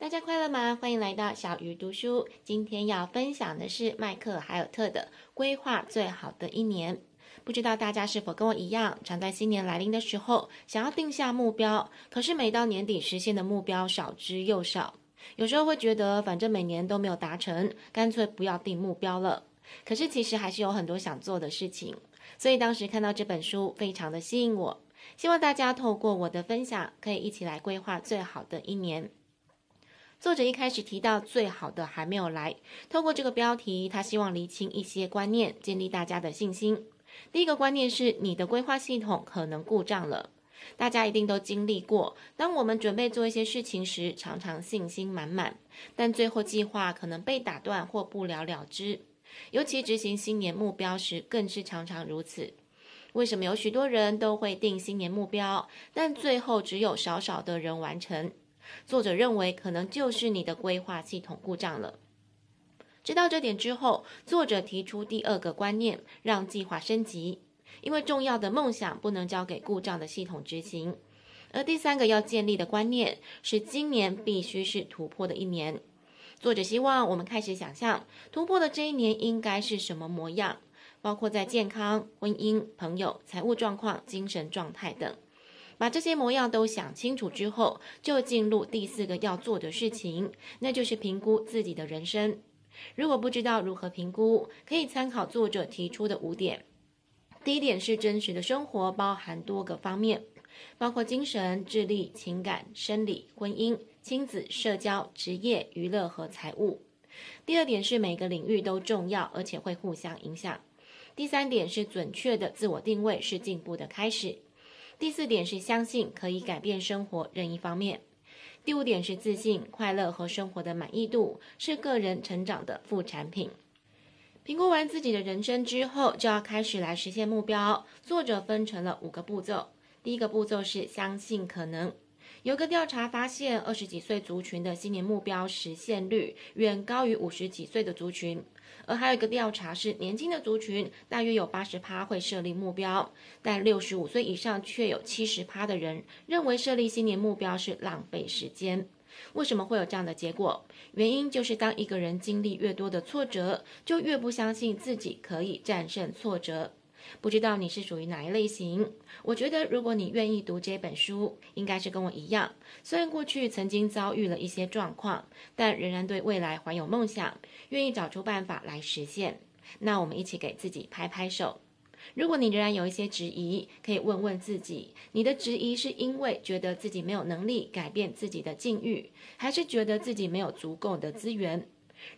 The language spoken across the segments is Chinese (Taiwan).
大家快樂嗎？歡迎來到小魚讀書。今天要分享的是麥克爾·海爾特的《規劃最好的一年》。不知道大家是否跟我一樣，常在新年來臨的時候想要定下目標，可是每到年底，實現的目標少之又少。有時候會覺得，反正每年都沒有達成，乾脆不要定目標了。可是其實還是有很多想做的事情，所以當時看到這本書，非常的吸引我。希望大家透過我的分享，可以一起來規劃最好的一年。作者一開始提到“最好的還沒有來”，透過這個標題，他希望釐清一些觀念，建立大家的信心。第一個觀念是你的規劃系統可能故障了。大家一定都經歷過，當我們準備做一些事情時，常常信心滿滿，但最後計劃可能被打斷或不了了之。尤其執行新年目標時，更是常常如此。為什麼有許多人都會定新年目標，但最後只有少少的人完成？作者認為，可能就是你的規劃系統故障了。知道這點之後，作者提出第二個觀念：讓計劃升級，因為重要的夢想不能交給故障的系統執行。而第三個要建立的觀念是，今年必須是突破的一年。作者希望我們開始想象突破的這一年應該是什麼模樣，包括在健康、婚姻、朋友、財務狀況、精神狀態等。把這些模樣都想清楚之後，就進入第四個要做的事情，那就是評估自己的人生。如果不知道如何評估，可以參考作者提出的五點。第一點是真實的生活包含多個方面，包括精神、智力、情感、生理、婚姻、親子、社交、職業、娛樂和財務。第二點是每個領域都重要，而且會互相影響。第三點是準確的自我定位是進步的開始。第四點是相信可以改變生活任一方面，第五點是自信、快樂和生活的滿意度，是個人成長的副產品。評估完自己的人生之後，就要開始來實現目標。作者分成了五個步驟，第一個步驟是相信可能。有個調查發現，二十幾歲族群的新年目標實現率遠高於五十幾歲的族群。而還有一個調查是，年輕的族群大約有八十趴會設立目標，但六十五歲以上卻有七十趴的人認為設立新年目標是浪費時間。為什麼會有這樣的結果？原因就是當一個人經歷越多的挫折，就越不相信自己可以戰勝挫折。不知道你是屬於哪一類型？我覺得，如果你願意讀這本書，應該是跟我一樣。雖然過去曾經遭遇了一些狀況，但仍然對未來懷有夢想，願意找出辦法來實現。那我們一起給自己拍拍手。如果你仍然有一些質疑，可以問問自己：你的質疑是因為覺得自己沒有能力改變自己的境遇，還是覺得自己沒有足夠的資源？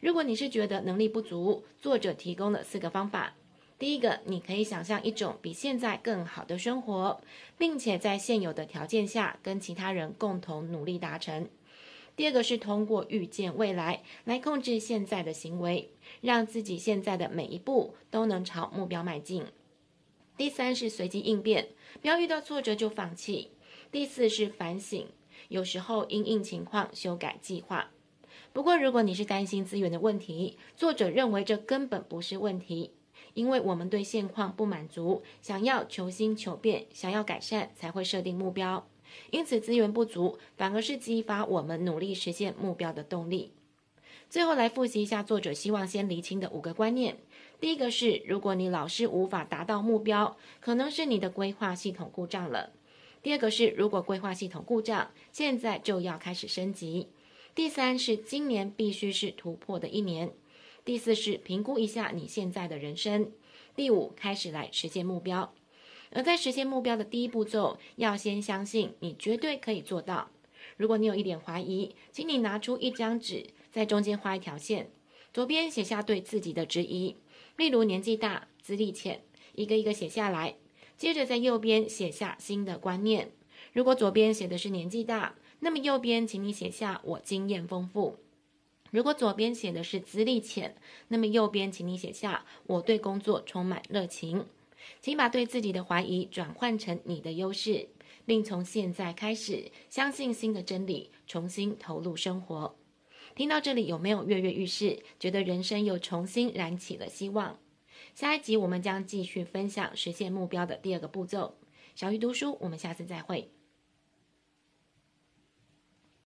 如果你是覺得能力不足，作者提供了四個方法。第一個，你可以想象一種比現在更好的生活，並且在現有的條件下跟其他人共同努力達成。第二個是通過預見未來來控制現在的行為，讓自己現在的每一步都能朝目標邁進。第三是隨機應變，不要遇到挫折就放棄。第四是反省，有時候因應情況修改計劃。不過，如果你是擔心資源的問題，作者認為這根本不是問題。因為我們對現況不滿足，想要求新求變，想要改善才會設定目標。因此資源不足，反而是激發我們努力實現目標的動力。最後來複習一下作者希望先釐清的五個觀念：第一個是，如果你老是無法達到目標，可能是你的規劃系統故障了；第二個是，如果規劃系統故障，現在就要開始升級；第三是，今年必須是突破的一年。第四是評估一下你現在的人生，第五開始來實現目標，而在實現目標的第一步驟，要先相信你絕對可以做到。如果你有一點懷疑，請你拿出一張紙，在中間畫一條線，左邊寫下對自己的質疑，例如年紀大、資歷淺，一個一個寫下來。接着在右邊寫下新的觀念。如果左邊寫的是年紀大，那麼右邊請你寫下我經驗豐富。如果左邊寫的是資歷淺，那麼右邊請你寫下我對工作充滿熱情，請把對自己的懷疑轉換成你的優勢，並從現在開始相信新的真理，重新投入生活。聽到這裡有沒有躍躍欲試，覺得人生又重新燃起了希望？下一集我們將繼續分享實現目標的第二個步驟。小魚讀書，我們下次再會。